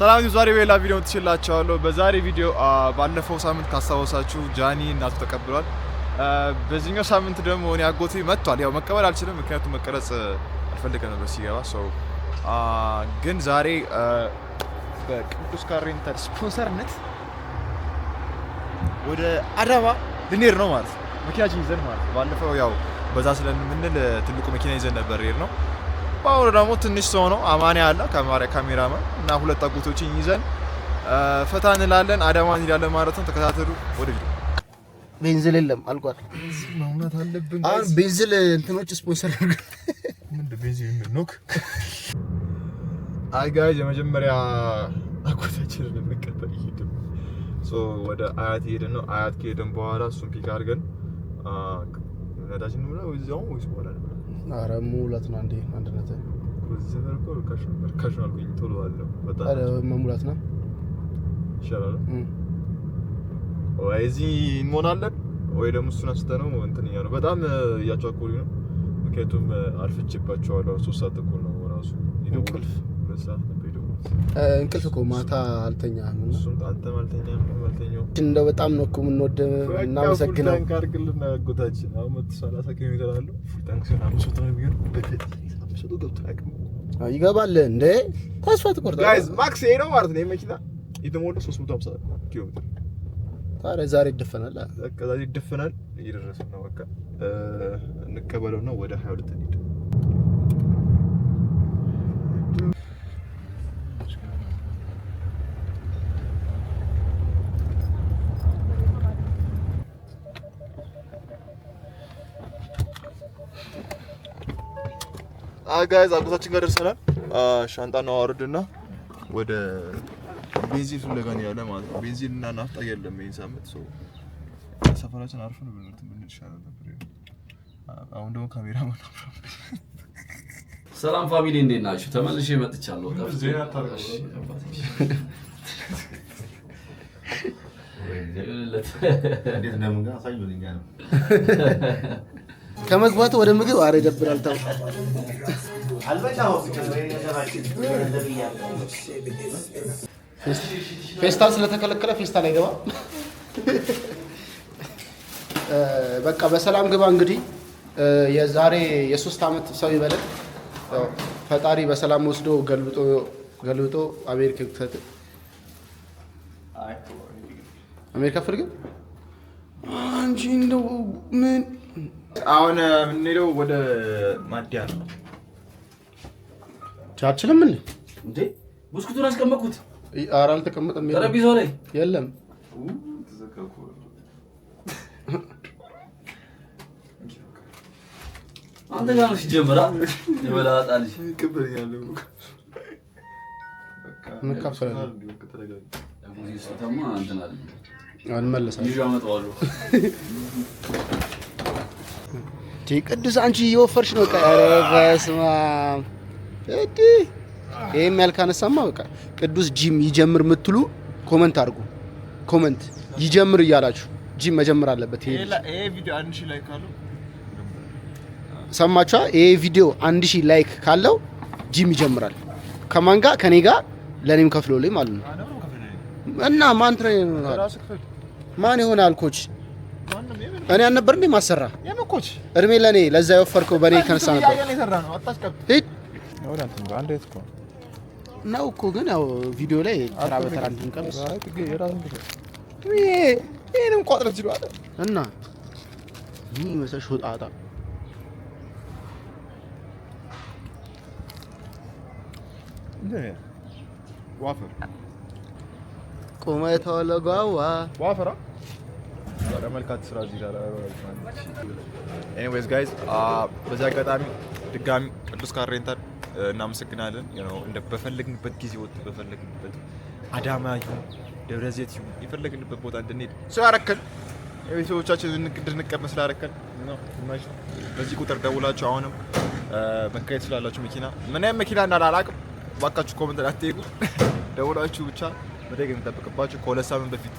ሰላም ዛሬ በሌላ ቪዲዮ ትችላቸዋለሁ። በዛሬ ቪዲዮ ባለፈው ሳምንት ካስታወሳችሁ ጃኒ እናቱ ተቀብሏል። በዚህኛው ሳምንት ደግሞ እኔ አጎቴ መጥቷል። ያው መቀበል አልችልም፣ ምክንያቱም መቀረጽ አልፈልገ ነበር ሲገባ ሰው። ግን ዛሬ በቅዱስ ካር ስፖንሰርነት ወደ አዳማ ልንሄድ ነው ማለት ነው፣ መኪናችን ይዘን ማለት ነው። ባለፈው ያው በዛ ስለምንል ትልቁ መኪና ይዘን ነበር ሄድ ነው በአሁኑ ደግሞ ትንሽ ሰው ነው አማኔ አለ ከማሪያ ካሜራማን እና ሁለት አጎቶችን ይዘን ፈታ እንላለን። አዳማ እንሄዳለን ማለት ነው። ተከታተሉ። ወደ ቪዲዮ ቤንዝል የለም አልቋል። አለብን። አሁን ቤንዝል እንትኖች ስፖንሰር ቤንዝል አይ አጋዥ የመጀመሪያ አጎታችንን እንቀጠል ይሄድም ወደ አያት ሄድን ነው። አያት ከሄድን በኋላ እሱን ፒክ አድርገን ነዳጅ እንብላ ወይስ እዚያው ወይስ በኋላ ኧረ ሙላት ነው። አንዴ አንድነት መሙላት ነው ይሻላል። ወይ እዚህ እንሆናለን ወይ ደግሞ እሱን አስተነው እንትን እያሉ በጣም እያጫወቁኝ ነው። ምክንያቱም አርፍቼባቸዋለሁ። ሶስት ሰዓት እኮ ነው ራሱ እንቅልፍ እንቅልፍ እኮ ማታ አልተኛም። እንደው በጣም ነው እኮ የምንወድ እናመሰግነው። ይገባል እንደ ተስፋ ትቆርጣለህ። ማክስ ይሄ ነው ማለት ነው። መኪና የተሞላው ሶስት መቶ ሀምሳ ኪሎ ሜትር ታዲያ ዛሬ ይደፈናል። ዛሬ ይደፈናል። እየደረስን ነው። በቃ ወደ ሀያ ሁለት እንሂድ አጋይዝ አጎታችን ጋር ደርሰናል። ሻንጣ ነው አወርድና ወደ ቤንዚን ፍለጋ ነው ያለ ማለት ነው። ቤንዚን እና ናፍጣ የለም ይሄን ሳምንት። ሶ ሰፈራችን አርፈን ብንት ምን ይሻላል ነበር። አሁን ደግሞ ካሜራ ማናፍራ ሰላም ፋሚሊ፣ እንዴት ናችሁ? ተመልሼ መጥቻለሁ። ከመግባት ወደ ምግብ አረ ይደብራል። ፌስታል ስለተከለከለ ፌስታል አይገባም። በቃ በሰላም ግባ። እንግዲህ የዛሬ የሶስት ዓመት ሰው ይበለን ፈጣሪ በሰላም ወስዶ ገልብጦ አሜሪካ ክተት አሜሪካ ፍርግ አንቺ እንደው ምን አሁን የምንሄደው ወደ ማዲያ ነው። አችልም እንዴ? እንዴ ብስኩቱን አስቀመጥኩት። ኧረ አልተቀመጠም። ጠረጴዛው ላይ የለም። አንተ ጋር ነው ሲጀምራ የበላጣ ልጅ ክብር ያለው ቅዱስ አንቺ እየወፈርሽ ነው። እዲህ ይሄም ያልካነሳማ በቃ ቅዱስ ጂም ይጀምር የምትሉ ኮመንት አድርጉ። ኮመንት ይጀምር እያላችሁ ጂም መጀመር አለበት። ይሄ ሰማችኋ? ይሄ ቪዲዮ አንድ ሺህ ላይክ ካለው ጂም ይጀምራል። ከማን ጋር? ከኔ ጋር ለኔም ከፍሎልኝ ማለት ነው። እና ማን ትሬነር ማን ይሆናል ኮች? እኔ አልነበር እንዴ ማሰራ እድሜ ለኔ ለዛ የወፈርከው በኔ ከነሳ ነበር። ወደ አንተ ነው። አንዴ እኮ ነው እኮ ግን ያው ቪዲዮ ላይ ተራ በተራ እንድንቀምስ ቋጥረት እና ይህ መሰሽ ሆጣጣ ዋፈር ለጓዋ ዋፈራ መልካት ስራ እዚህ ጋር ኤኒዌይስ ጋይዝ uh, በዚህ አጋጣሚ ድጋሚ ቅዱስ ካሬንታል እናመሰግናለን። እንደ በፈለግንበት ጊዜ ወጥ በፈለግንበት አዳማ ይሁን ደብረ ይሁን የፈለግንበት ቦታ እንድንሄድ ስላረከን የቤተሰቦቻችን እንድንቀመጥ ስላረከን በዚህ ቁጥር ደውላችሁ አሁንም መካሄድ ስላላችሁ መኪና ምን አይነት መኪና እንዳላላቅም ባካችሁ ኮመንት አትጠይቁ። ደውላችሁ ብቻ መደግ የሚጠበቅባችሁ ከሁለት ሳምንት በፊት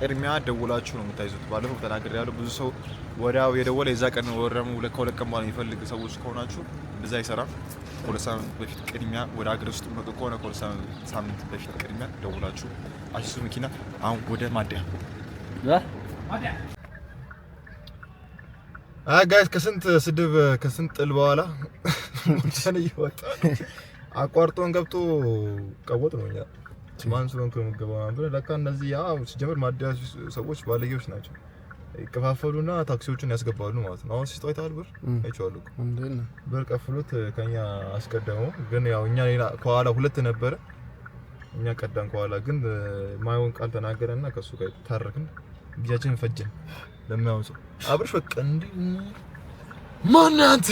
ቅድሚያ ደውላችሁ ነው የምታይዙት። ባለፈው ተናገር ያለው ብዙ ሰው ወዲያው የደወለ የዛ ቀን ወረሙ ከሁለት ቀን በኋላ የሚፈልግ ሰዎች ከሆናችሁ ብዛ አይሰራም። ከሁለት ሳምንት በፊት ቅድሚያ ወደ ሀገር ውስጥ መጡ ከሆነ ከሁለት ሳምንት በፊት ቅድሚያ ደውላችሁ አሲሱ መኪና አሁን ወደ ማዲያ ጋይስ ከስንት ስድብ ከስንት ጥል በኋላ ሞቻን እየወጣ አቋርጦን ገብቶ ቀወጥ ነው። ማን ስለሆንክ ነው የምትገባው ምናምን ብለህ ለካ እነዚህ ያ ሲጀምር ማደያ ሰዎች ባለጌዎች ናቸው። ይከፋፈሉና ታክሲዎችን ያስገባሉ ማለት ነው። አሁን ሲስጠው አይተሃል? ብር አይቼዋለሁ እኮ ብር ቀፍሎት ከኛ አስቀደሙ። ግን ያው እኛ ሌላ ከኋላ ሁለት ነበረ እኛ ቀዳን ከኋላ ግን ማይሆን ቃል ተናገረና ከሱ ጋር ታረክን። ጊዜያችንን ፈጀን። ለማያውን ሰው አብርሽ በቃ እንዲ ማን አንተ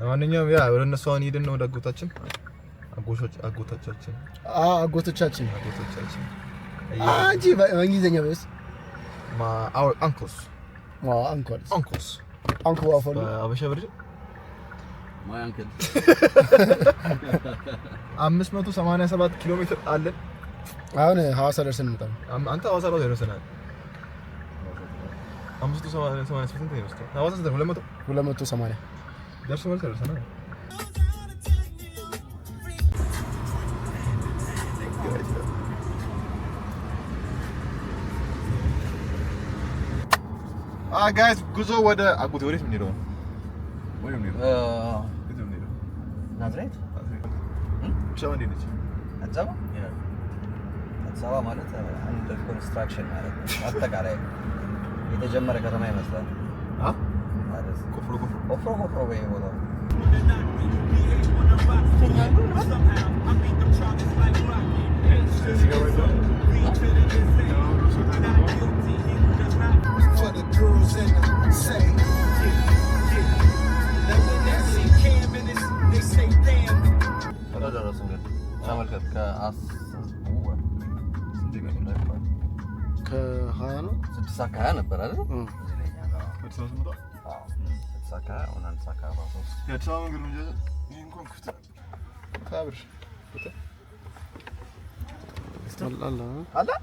ለማንኛውም ያ ወደ እነሱ አሁን ሄድን ነው ወደ አጎታችን አጎቶቻችን አጎቶቻችን አጎቶቻችን አንቺ በእንግሊዝኛ በስ ማ አወር አንክልስ ዋ አንክልስ አንክልስ አንክል ዋፈሉ አበሻ ብር ማይ አንክል 587 ኪሎ ሜትር አለን። አሁን ሐዋሳ ደርሰን እንመጣ። አንተ ሐዋሳ ነው ደርሰናል። አምስቱ ሰማንያ ስምንት ነው። ሐዋሳ ሁለት መቶ ሁለት መቶ ሰማንያ ደርሰናል። ጋይስ ah, ጉዞ ወደ አጎቴ ወዴት የምንሄደው ነው? ናዝሬት አዲስ አበባ ማለት አንድ ኮንስትራክሽን ማለት ነው። አጠቃላይ የተጀመረ ከተማ ይመስላል። ቆፍሮ ቆፍሮ ቆፍሮ girls in the say, ከሀያ ነው ስትሳካ ሀያ ነበር አይደል? አዲስ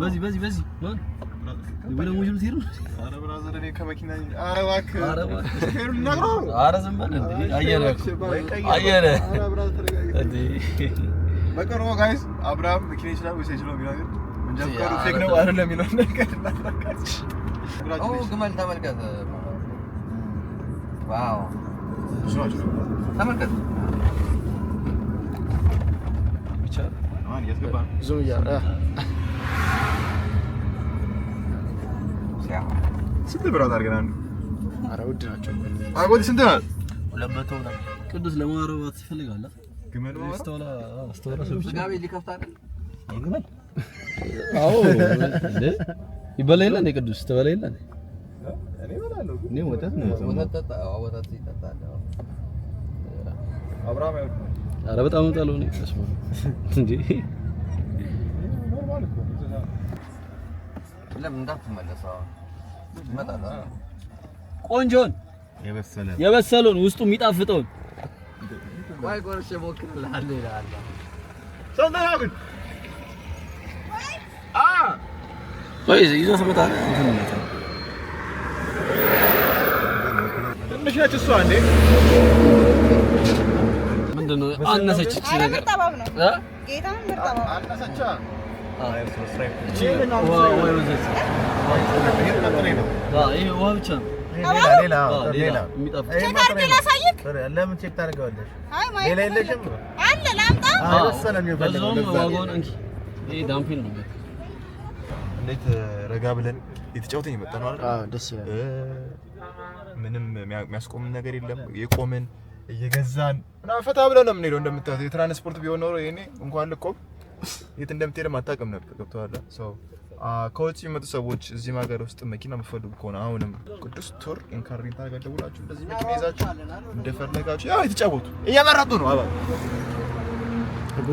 በዚህ በዚህ በዚህ ወደ ሙጅሉ ትሄዱ። ኧረ ብራዘር እኔ ከመኪና ኧረ እባክህ ኧረ እባክህ ነግሮ ኧረ ዝም በል እንደ አየረ አየረ እንደ በቅርቡ ጋይስ አብርሃም መኪና ይችላል ወይስ አይችልም የሚለው እንጃ። ፌክ ነው አይደለም የሚለውን ነገር ኦ ግመል ተመልከት። ዋው ተመልከት ብቻ ነው። ስንት ብር አድርገናል? ኧረ ውድ ናቸው። አጎት ስንት ነው? ሁለት መቶ ምናምን። ቅዱስ ለማረባት ትፈልጋለህ? ግመል ይበላ የለ እንደ ቅዱስ ትበላ የለ እኔ ወተት ነው ኧረ በጣም እወጣለሁ እኔ እንደ ለምን እንዳትመለሰው ቆንጆን የበሰለውን ውስጡ የሚጣፍጠውን ምንድን ነው አነሰች ነገር ውሃ ብቻ ነው። ሌላ ሌላ ረጋ ብለን የተጫወተን የመጣ ነው ምንም የሚያስቆምን ነገር የለም። የቆምን እየገዛን ፈታ ብለን ነው የምንሄደው። እንደምታዩት የትራንስፖርት ቢሆን ኖሮ ይሄኔ እንኳን ልቆም የት እንደምትሄድም አታውቅም ነበር። ገብቶሃል። ከውጭ የመጡ ሰዎች እዚህም ሀገር ውስጥ መኪና የምትፈልጉ ከሆነ አሁንም ቅዱስ ቱር ኢንካሪንታ ጋር ደውላችሁ እንደዚህ መኪና ይዛችሁ እንደፈለጋችሁ ያው የተጫወቱ እያመረጡ ነው አባ ጋር ምን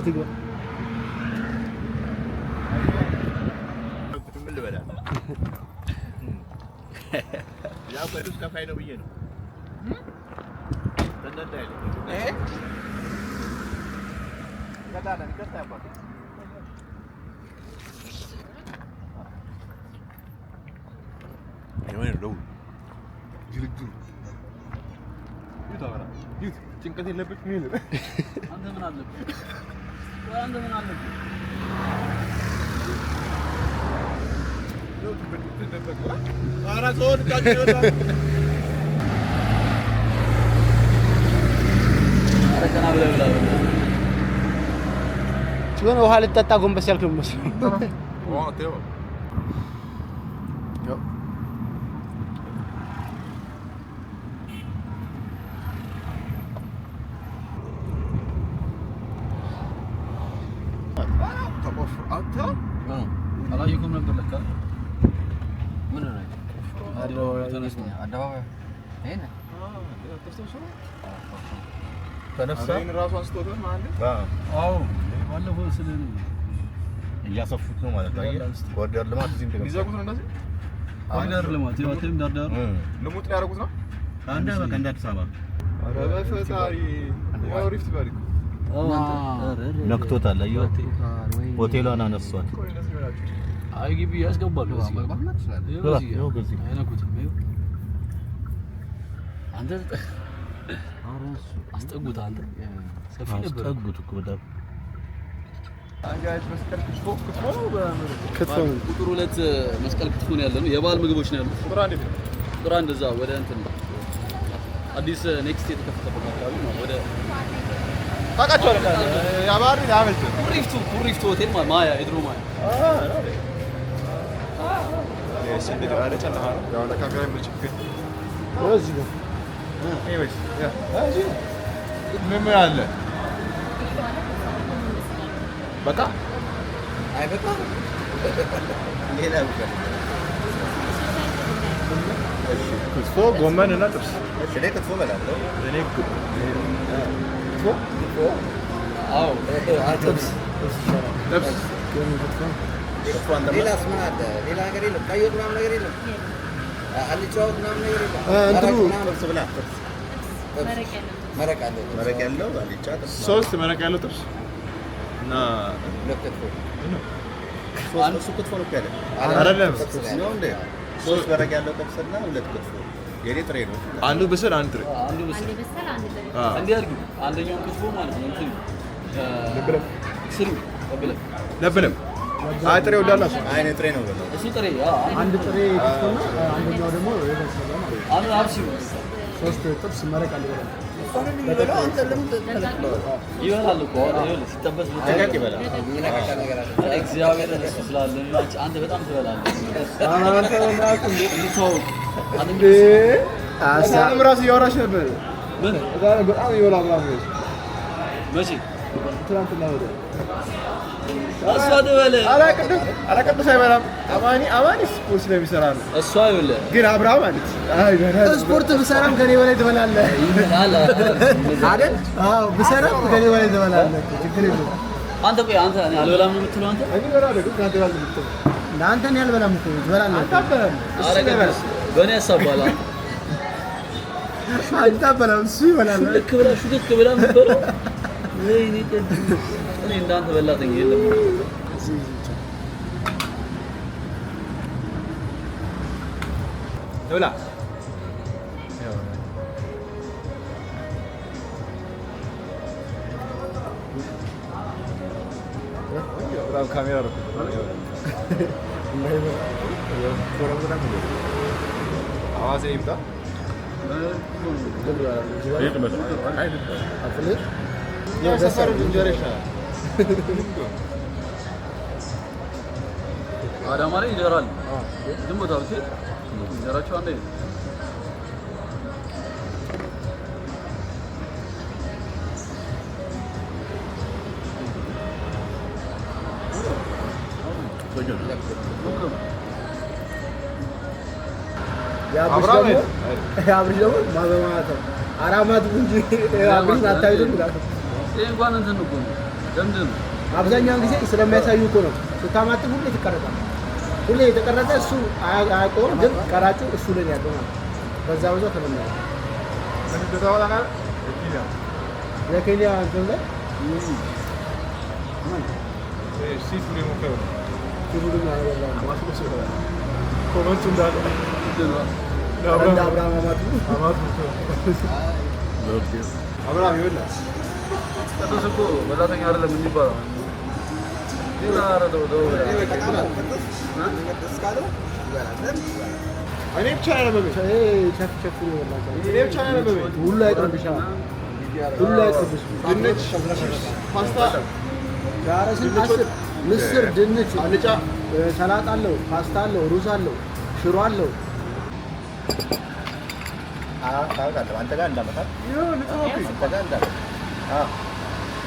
ያው ቅዱስ ከፋይ ነው ብዬ ነው ይቀጣለን። ነው ግልግል ጭንቀት የለበት አንተ ምን አለብህ? አንተ ምን አለብህ? የሆነ ውሃ ልጠጣ ጎንበስ ያልክ ነው አደባባይ ይሄን ነክቶታል። አየሁት ሆቴሏን አነሷት። አይ ግቢ ያስገባሉ። አንተ አስጠጉት። አንተ ሰፊ ነበር። ቁጥር ሁለት መስቀል ክትፎ ነው ያለው። የበዓል ምግቦች ነው ያሉት። ቁጥር እዛ ወደ እንትን አዲስ ኔክስት የተከፈተው አካባቢ ሆቴል ማያ የድሮ ማያ Anyways, yeah. ምን ምን አለ? በቃ አይ በቃ ሌላ ክትፎ፣ ጎመን እና ጥብስ። እኔ ክትፎ እበላለሁ። እኔ ክትፎ አዎ፣ ጥብስ ጥብስ። ሌላስ ምን አለ? ሌላ ነገር የለም። ቀይ ወጥ ምናምን ነገር የለም። ሶስት መረቅ ያለው ጥብስ እና ሶስት ክትፎ ነው ያለ አይደለም። ሶስት መረቅ ያለው ጥብስ እና ሁለት ክትፎ የኔ ጥሬ ነው። አንዱ ብስል አንድ ጥሬ አንዱ ብስል አንድ ጥሬ አንደኛው ክትፎ ማለት ነው። ለብለም ለብለም አይ ጥሬ ወዳላ አይ ጥሬ ነው ወዳላ እሱ ጥሬ አንድ ጥሬ ክፍቶና አንደኛው ደግሞ አሁን አብሲ ሶስት ጥብስ መረቅ አለ ይበላል። ይበላል እኮ ሲጠበስ ብትቀቅ ይበላል። እግዚአብሔር እሱ ስላለ አንተ በጣም ትበላለህ። አንተ በላክ እያወራሽ ነበር። በጣም ይበላል መቼ ትናንትና ወደ እሷ ትበልህ። ኧረ ቅዱስ ኧረ ቅዱስ አይበላም። አማኒ አማኒ ስፖርት ስለሚሰራ ነው። እሷ ይኸውልህ ግን አብርሃም ማለት ስፖርት ብሰራም ከኔ በላይ ትበላለህ አይደል? አዎ ብሰራም ከኔ በላይ ትበላለህ። አንተ ቆይ አንተ አልበላም ነው የምትለው? አንተ አንተ እኔ አልበላም እኮ ትበላለህ። አንተ እሱ ይበላል። ልክ ብላ ሹክ ብላ የምትበላው Ne indan ನಿಂದ ಅಂತ ಅವೆಲ್ಲ Ne Öyle. Bravo kamera arası. Avaz eğim da. Hayır mı? Ne Atılır. Ne sefer Ne reşah. አዳማ ላይ ይደራል። ግን ቦታ ብትሄድ እንጀራቸው አንድ አይነት አራማት እንጂ አብሪ አታዩትም ይላል። ይህ እንኳን እንትን እኮ ነው አብዛኛውን ጊዜ ስለሚያሳዩ እኮ ነው። ስታማትብ ሁሌ ትቀረጣል። ሁሌ የተቀረጠ እሱ አያውቀውም፣ ግን ቀራጩ እሱ ላይ ያለው ማለት በዛ በዛ ተለምደ ለኬንያ እንትን ላይ አብርሃም አማቱ አብርሃም ይበላል ቅዱስ አይደለም የሚባለው ድንች፣ ፓስታ፣ ምስር፣ ድንች፣ አልጫ፣ ሰላጣ አለው፣ ምስር ድንች ሰላጣ አለው ፓስታ አለው ሩዝ አለው፣ ሽሮ አለው። አንተ ጋር እንዳመጣት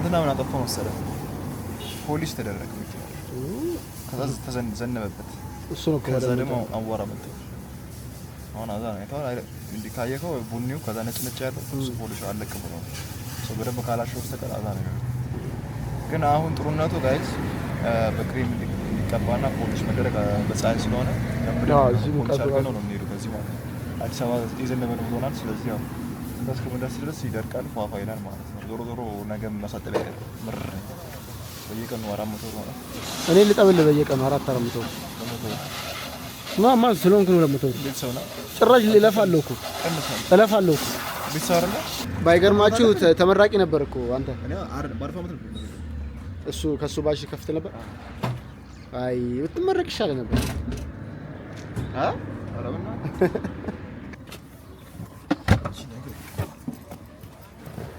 ትናንትና ምን አጠፋው መሰለ ፖሊስ ተደረገ። ከዛ ተዘነበበት። ከዛ ደግሞ አዋራ መጣ። አሁን አዛ ነው ታው አይደል? እንዲህ ካየከው ቡኒው ከዛ ነጭ ነጭ ያለው እሱ ፖሊስ አለቀ ነው። ሶ በደንብ ካላሽ በስተቀር አዛ ነው። ግን አሁን ጥሩነቱ ጋይስ በክሬም እንዲቀባና ፖሊስ መደረግ በፀሐይ ስለሆነ ነው የሚሄዱ በዚህ ማለት አዲስ አበባ የዘነበ ነው ብሎናል። ስለዚህ ያው እስከ ድረስ ይደርቃል፣ ፏፏ ይላል ማለት ነው። ዞሮ ዞሮ ነገ መሳጠል አይቀርም። ምር በየቀኑ አራት መቶ ነው። እኔ ልጠብል በየቀኑ አራት አራት መቶ ማማ ስለሆንክ ነው። ለመቶ ጭራሽ እለፋለሁ እኮ እለፋለሁ እኮ ባይገርማችሁ ተመራቂ ነበር እኮ አንተ። እሱ ከሱ ባሽ ከፍት ነበር። አይ ብትመረቅ ይሻለ ነበር።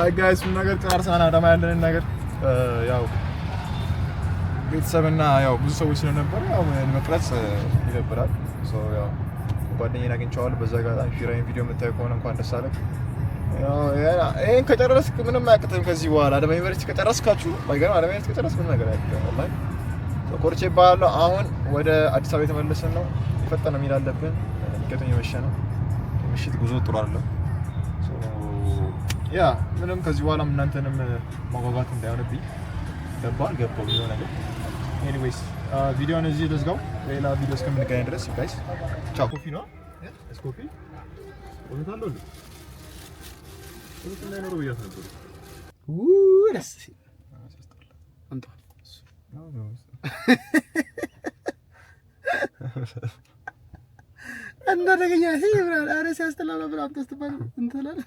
አይ ጋይስ ነገር ጨርሰናል። አዳማ ያለንን ነገር ያው ቤተሰብና ያው ብዙ ሰዎች ስለነበረ ያው መቅረጽ ይደብራል። ያው ጓደኛዬን አግኝቼዋለሁ። በዛ ጋር ፊራይን ቪዲዮ የምታይ ከሆነ እንኳን ደስ አለህ። ይህን ከጨረስክ ምንም አያቅጥም። ከዚህ በኋላ አዳማ ዩኒቨርሲቲ ከጨረስካችሁ ባይገርም አዳማ ዩኒቨርሲቲ ከጨረስክ ምንም ነገር አያቅጥም። ኮርቼ ባለው አሁን ወደ አዲስ አበባ የተመለስን ነው። ፈጠነ ሚል አለብን። ቅድም የመሸ ነው ምሽት ጉዞ ጥሩ አለው። ያ ምንም ከዚህ በኋላም እናንተንም ማጓጓት እንዳይሆንብኝ ገባል ገባው ቢሆ ነገር ኤኒዌይስ ቪዲዮውን እዚህ ልዝጋው። ሌላ ቪዲዮ እስከምንገናኝ ድረስ ጋይስ ቻው። ኮፊ ነው እስኮፊ ወታለው ልጅ ወታለው ነው ብያት ነበር። ውይ ደስ ሲል አንተ ነው ነው እንዳደገኛ ይብራል። አረ ሲያስጠላላ ብራም ተስተባል እንትላል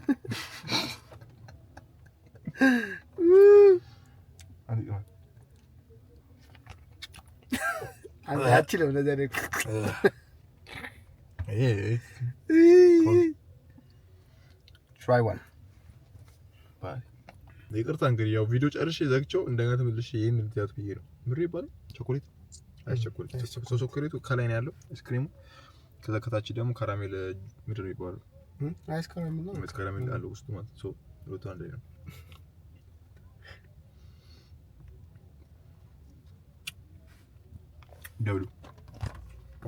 አትችልም። ለዛ ነው ትራይ ዋን ይቅርታ እንግዲህ ያው ቪዲዮ ጨርሼ ዘግቼው እንደገና ተመልሼ ይሄን ልትያት ብዬ ነው። ምሬ ይባላል። ቸኮሌት አይ ቸኮሌት ቸኮሌቱ ከላይ ነው ያለው ስክሪሙ ከዛ ከታች ደግሞ ካራሜል ምድር ይባላል አይስ ካራሜል ነው። አይስ ካራሜል ውስጡ ማለት አንድ ላይ ነው።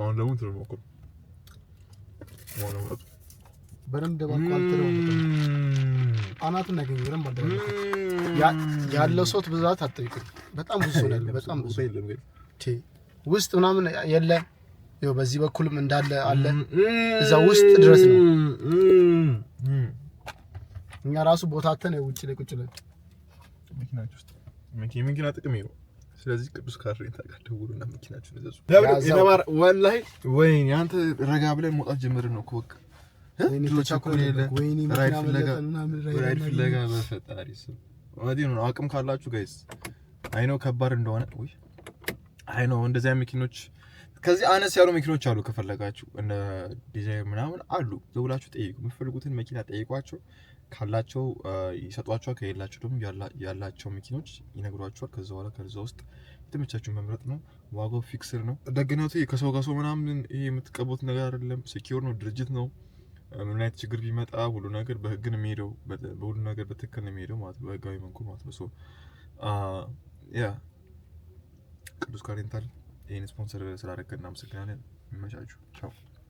አሁን ደግሞ እንትን በደንብ አናቱን ያገኝ በደንብ ያለው ሶት ብዛት አትጠይቅም። በጣም ብዙ ነው በጣም ብዙ ውስጥ ምናምን የለ ይኸው በዚህ በኩልም እንዳለ አለ እዛ ውስጥ ድረስ ነው። እኛ ራሱ ቦታተን ውጭ ላይ ቁጭ ብለን መኪናችን ጥቅም ይኸው ስለዚህ ቅዱስ ካድሬን ታቃደውሉና መኪናችን ዘዙ ወላሂ ወይ አንተ ረጋ ብለን መውጣት ጀመርን ነው ኮክ ራይድ ፍለጋ በፈጣሪ ስም ነው። አቅም ካላችሁ ጋይስ አይነው ከባድ እንደሆነ አይነው እንደዚያ መኪኖች ከዚህ አነስ ያሉ መኪኖች አሉ። ከፈለጋችሁ እነ ዲዛይር ምናምን አሉ። ዘውላችሁ ጠይቁ። የምፈልጉትን መኪና ጠይቋቸው። ካላቸው ይሰጧቸዋል። ከሌላቸው ደግሞ ያላቸው መኪኖች ይነግሯቸዋል። ከዛ በኋላ ከዛ ውስጥ የተመቻችሁ መምረጥ ነው። ዋጋው ፊክስር ነው። ደግነቱ ከሰው ጋር ሰው ምናምን ይሄ የምትቀቡት ነገር አይደለም። ሴኪር ነው። ድርጅት ነው። ምን አይነት ችግር ቢመጣ ሁሉ ነገር በህግ ነው የሚሄደው። በሁሉ ነገር በትክክል ነው የሚሄደው ማለት በህጋዊ መንኩ ማለት ነው። ያ ቅዱስ ካሬንታል ይህን ስፖንሰር ስላደረገ እናመሰግናለን። ይመቻችሁ። ቻው